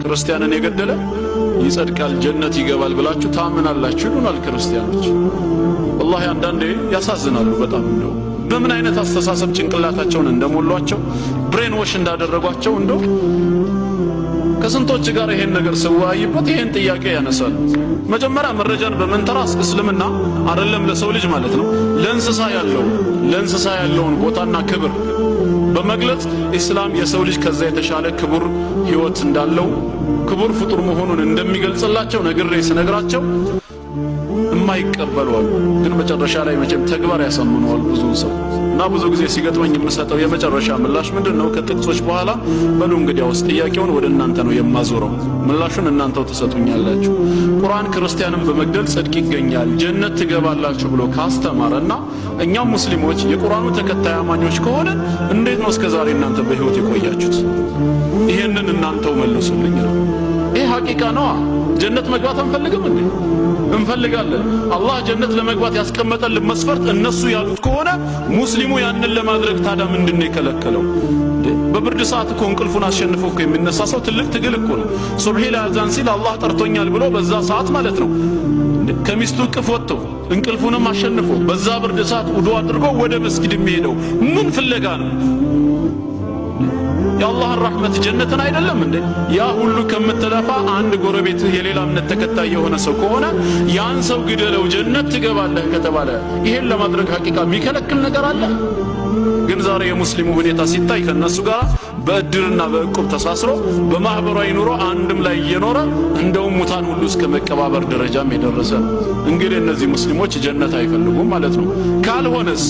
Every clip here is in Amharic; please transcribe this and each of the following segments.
ክርስቲያንን የገደለ ይጸድቃል፣ ጀነት ይገባል ብላችሁ ታምናላችሁ ይሉናል ክርስቲያኖች። ወላሂ አንዳንዴ ያሳዝናሉ በጣም እንደው በምን አይነት አስተሳሰብ ጭንቅላታቸውን እንደሞሏቸው ብሬን ወሽ እንዳደረጓቸው እንደው ከስንቶች ጋር ይሄን ነገር ስወያይበት ይሄን ጥያቄ ያነሳል። መጀመሪያ መረጃን በመንተራስ እስልምና አይደለም ለሰው ልጅ ማለት ነው ለእንስሳ ያለው ለእንስሳ ያለውን ቦታና ክብር በመግለጽ ኢስላም የሰው ልጅ ከዛ የተሻለ ክቡር ህይወት እንዳለው ክቡር ፍጡር መሆኑን እንደሚገልጽላቸው ነግሬ ስነግራቸው አሉ። ግን መጨረሻ ላይ መቼም ተግባር ያሳምነዋል ብዙ ሰው እና ብዙ ጊዜ ሲገጥመኝ የምሰጠው የመጨረሻ ምላሽ ምንድን ነው? ከጥቅሶች በኋላ በሉ እንግዲያውስ ጥያቄውን ወደ እናንተ ነው የማዞረው፣ ምላሹን እናንተው ትሰጡኛላችሁ። ቁርአን ክርስቲያንን በመግደል ጽድቅ ይገኛል ጀነት ትገባላችሁ ብሎ ካስተማረና እኛም ሙስሊሞች የቁርአኑ ተከታይ አማኞች ከሆነ እንዴት ነው እስከዛሬ እናንተ በህይወት የቆያችሁት? ይሄንን እናንተው መልሱልኝ ነው። ይህ ሐቂቃ ነዋ። ጀነት መግባት አንፈልግም እንዴ? እንፈልጋለን። አላህ ጀነት ለመግባት ያስቀመጠልን መስፈርት እነሱ ያሉት ከሆነ ሙስሊሙ ያንን ለማድረግ ታዲያ ምንድን ነው የከለከለው? በብርድ ሰዓት እኮ እንቅልፉን አሸንፎ እኮ የሚነሳ ሰው ትልቅ ትግል እኮ ነው። ሱብሂ ለአዛን ሲል አላህ ጠርቶኛል ብሎ በዛ ሰዓት ማለት ነው ከሚስቱ እቅፍ ወጥቶ እንቅልፉንም አሸንፎ በዛ ብርድ ሰዓት ውዱ አድርጎ ወደ መስጊድ የሚሄደው ምን ፍለጋ ነው? የአላህን ራህመት ጀነትን አይደለም እንዴ? ያ ሁሉ ከምትለፋ አንድ ጎረቤትህ የሌላ እምነት ተከታይ የሆነ ሰው ከሆነ ያን ሰው ግደለው ጀነት ትገባለህ ከተባለ ይሄን ለማድረግ ሐቂቃ የሚከለክል ነገር አለ? ግን ዛሬ የሙስሊሙ ሁኔታ ሲታይ ከነሱ ጋር በእድርና በእቁብ ተሳስሮ በማህበራዊ ኑሮ አንድም ላይ እየኖረ እንደውም ሙታን ሁሉ እስከ መቀባበር ደረጃም የደረሰ እንግዲህ እነዚህ ሙስሊሞች ጀነት አይፈልጉም ማለት ነው። ካልሆነስ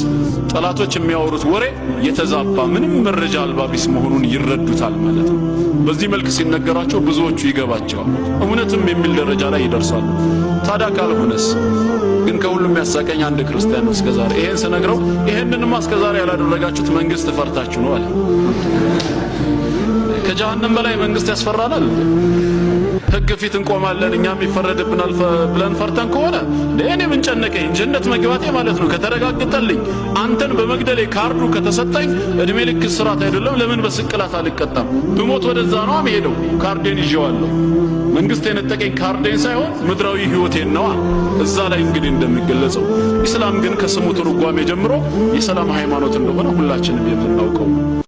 ጠላቶች የሚያወሩት ወሬ የተዛባ ምንም መረጃ አልባ አዲስ መሆኑን ይረዱታል ማለት ነው። በዚህ መልክ ሲነገራቸው ብዙዎቹ ይገባቸዋል፣ እውነትም የሚል ደረጃ ላይ ይደርሳሉ። ታዲያ ካልሆነስ? ግን ከሁሉም ያሳቀኝ አንድ ክርስቲያን ነው። እስከዛሬ ይሄን ስነግረው ይሄንንማ እስከዛሬ ያላደረጋችሁት መንግስት ፈርታችሁ ነው አለ። ከጀሃነም በላይ መንግስት ያስፈራላል። ህግ ፊት እንቆማለን እኛም ይፈረድብናል ብለን ፈርተን ከሆነ ለእኔ ምን ጨነቀኝ? ጀነት መግባቴ ማለት ነው ከተረጋገጠልኝ፣ አንተን በመግደሌ ካርዱ ከተሰጠኝ እድሜ ልክ ስራት አይደለም። ለምን በስቅላት አልቀጣም? ብሞት ወደዛ ነው ሄደው ካርዴን ይዤዋለሁ። መንግስት የነጠቀኝ ካርዴን ሳይሆን ምድራዊ ህይወቴን ነዋ። እዛ ላይ እንግዲህ እንደሚገለጸው ኢስላም ግን ከስሙ ትርጓሜ ጀምሮ የሰላም ሃይማኖት እንደሆነ ሁላችንም የምናውቀው